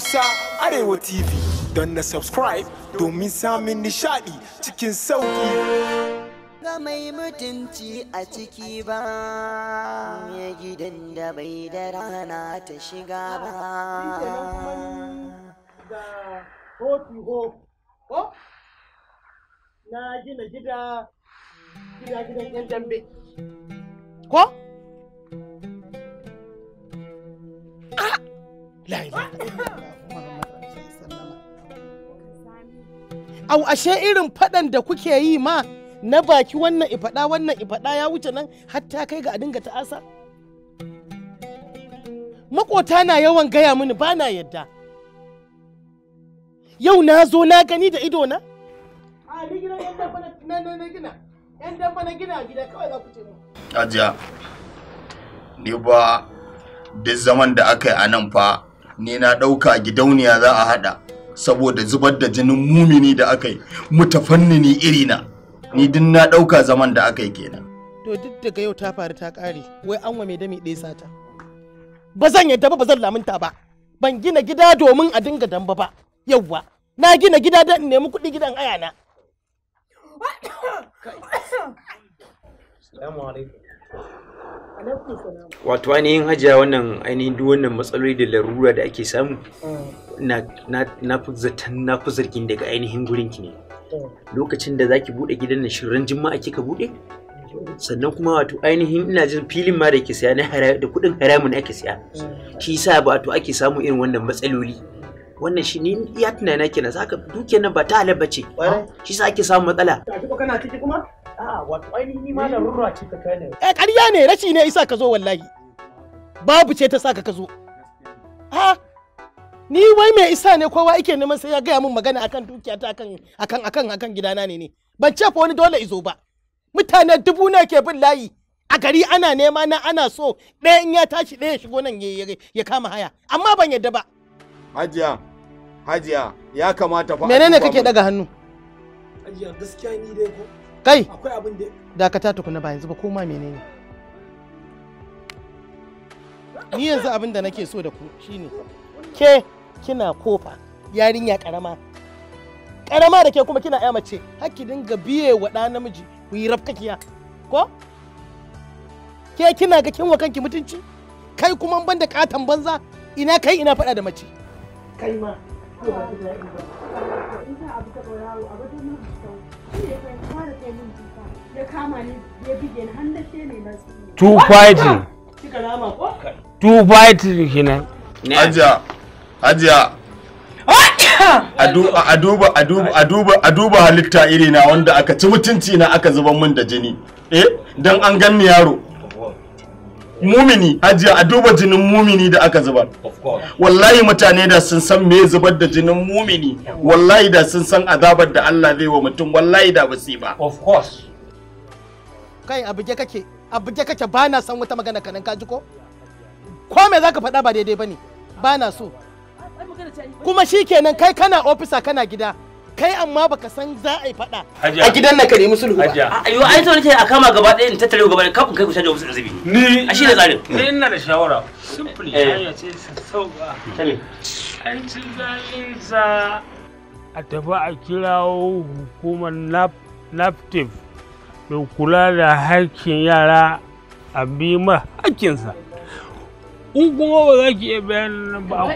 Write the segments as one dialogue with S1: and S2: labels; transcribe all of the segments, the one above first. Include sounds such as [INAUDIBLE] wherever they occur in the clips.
S1: Hausa Arewa TV don na subscribe domin samun nishaɗi cikin sauƙi. Ga mai mutunci a ciki ba, ya gidan da bai da rana ta shiga ba. Na gina gida, gida gidan 'yan dambe. Ko? Au ashe irin faɗan da kuke yi ma na baki wannan ifaɗa wannan ifaɗa ya wuce nan hatta kai ga a dinga ta'asa? Makota na yawan gaya mini ba na yadda. Yau na zo na gani da ido na? A ni gina yan dafa na gina. Yan dafa na gina gida kawai za ku
S2: ce mu. Ajiya, ni ba duk zaman da aka yi a nan fa ne na ɗauka gidauniya za a haɗa saboda zubar da jinin mumini da aka yi mutafannini irina ni din na ɗauka zaman da aka yi kenan
S1: to duk daga yau ta faru ta kare wai an wa mai dami ɗaya sata ba zan yadda ba ba zan lamunta ba ban gina gida domin a dinga damba ba yawwa na gina gida don in nemi kuɗi gidan ayana. [COUGHS] Assalamu alaikum.
S2: wato ainihin hajiya wannan ainihin duk wannan matsaloli da larura da ake samu na fi zaton na fi zargin
S1: daga ainihin gurinki ne lokacin da zaki bude gidan na shirin ake ka bude sannan kuma wato ainihin ina jin filin ma da ke siya na da kudin haramun ake siya shi yasa ba wato ake samu irin wannan matsaloli wannan shi ni iya tunana kenan zaka duke nan ba ta halabace. ce shi yasa ake samu matsala kana ciki kuma a ah, wato ainihi ma da ce ta kai ne eh ƙarya ne rashi ne isa ka zo wallahi babu ce ta saka ka zo ha ni wai mai isa ne kowa ike neman sai ya gaya min magana akan dukiya ta akan akan akan akan gidana ne ne ban ce fa wani dole izo ba mutane dubu ne ke bin layi a gari ana nema na ana so ɗaya in ya tashi ɗaya shigo nan ya
S2: kama haya amma ban yadda ba hajiya hajiya ya kamata fa menene kake daga hannu hajiya gaskiya ni dai ko
S1: kai akwai dakata tukuna ba yanzu ba koma menene ni yanzu abin da nake so da ku shine ke kina kofa yarinya karama karama da ke kuma kina aya mace hakki dinga biye wa ɗa namiji ku yi rafkakiya ko ke kina ga kinwa kanki mutunci kai kuma ban da katan banza ina kai ina faɗa da mace kai ma
S2: two fighting ah, two fighting kenan ajiya ajiya a duba a duba a duba a duba halitta irina wanda aka ci mutunci na aka zuban min da jini eh dan an ganni yaro mumini ajiya a duba jinin mumini da aka zubar wallahi mutane da sun san me zubar da jinin mumini wallahi da sun san azabar da Allah zai wa mutum wallahi da basi ba of course
S1: kai abuje kake abuje kake ba na san wata magana kanan ka ji ko ko me zaka faɗa ba daidai bane ba na so kuma shikenan kai kana ofisa kana gida kai amma baka san za a yi fada. a gidan na ka nemi sulhu ba ayo ai to nake a kama gaba ɗaya in tattare gaba ɗaya kafin kai ku shaje musu azubi ni a shi da tsarin ni ina da shawara
S2: simple ya eh. ce sassauka ta ne an ci zalin za a tafi a kirawo hukumar naftif mai kula da haƙƙin yara a bi ma haƙƙinsa in kuma ba za ki iya bayanin ba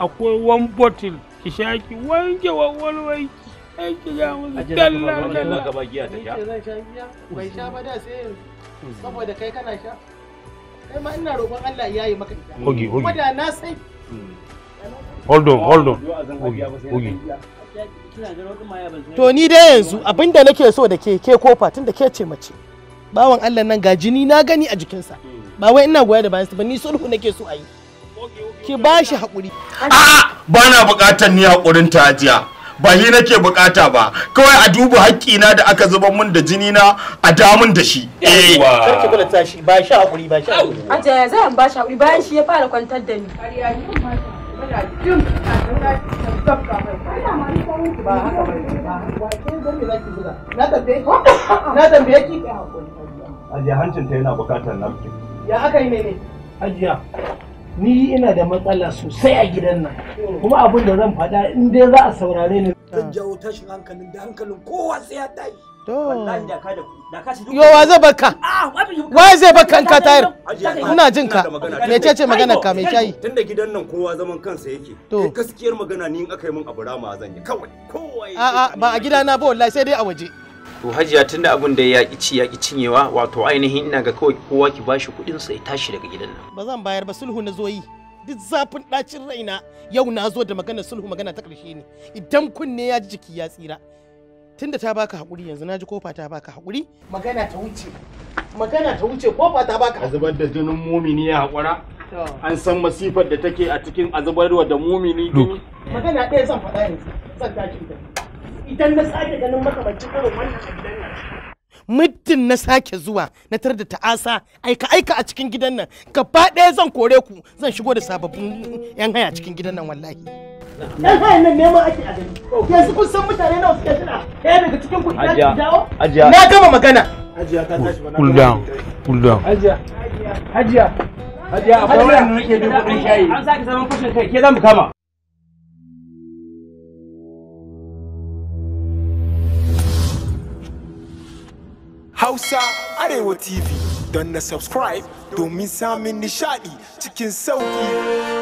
S2: akwai one bottle ki sha ki wanke wawalwai ai ki ga musu dalla dalla ka giya ta sha
S1: zan sha giya bai sha ba da sai hmm. saboda kai kana sha kai ma ina roƙon Allah ya yi maka ita hogi hogi kuma da na sai hmm.
S2: hold on hold on hogi hogi
S1: to ni dai yanzu abinda nake so da ke ke kofa tun da ke ce mace bawan Allah nan ga jini na gani a jikinsa hmm. ba wai ina goya da bayansa ba ni sulhu nake so a yi ki ba shi haƙuri. A
S2: ba na buƙatar ni haƙurin ta hajiya. Ba shi nake buƙata ba. Kawai a duba haƙƙina da aka zuba min da jini na a damun da shi. Eh. Sarki kula ta shi ba shi haƙuri ba shi haƙuri.
S1: Ajiya ya zan ba shi haƙuri bayan shi ya fara kwantar da ni. Na tambaye ki.
S2: [COUGHS] Ajiya hancinta yana buƙatar nafi.
S1: Ya aka yi mene? Ajiya. ni ina da matsala sosai a gidan nan kuma abin da zan faɗa in dai za a saurare ni zan jawo tashin hankalin da hankalin kowa sai ya tashi wallahi da ka da yowa zai baka wa zai baka ka tayar ina jin ka me ce ce magana ka me kai
S2: tunda gidan nan kowa zaman kansa yake to gaskiyar magana ni in aka yi min abu rama zan yi kawai kowa a a ba a gidana ba wallahi sai dai a waje to hajiya tunda abin da ya ci ya
S1: cinyewa wato ainihin ina ga kawai kowa ki bashi kuɗin sai tashi daga gidan nan ba zan bayar ba sulhu na zoyi duk zafin ɗacin raina yau na zo da magana sulhu magana ta ƙarshe ne idan kunne ya ji jiki ya tsira tunda ta baka haƙuri yanzu na ji kofa ta baka haƙuri magana ta
S2: wuce magana ta wuce kofa ta baka zubar da jinin mumini ya haƙura an san masifar da take a cikin azabarwa da mumini
S1: magana ɗaya zan faɗa yanzu zan tashi idan na sake ganin makamancin irin wannan a gidan nan muddin na sake zuwa na tar da ta'asa aika aika a cikin gidan nan gaba ɗaya zan kore ku zan shigo da sababbin yan haya cikin gidan nan wallahi yan haya nan neman ake a gani yanzu kun san mutane nawa suke tana ɗaya daga cikin ku idan ki dawo na gama magana
S2: hajiya ta tashi cool down cool down
S1: hajiya akwai wani nake da kuɗin shayi an sake zaman
S2: kai ke zan kama Hausa
S1: Arewa TV don na subscribe domin samun nishaɗi cikin sauƙi.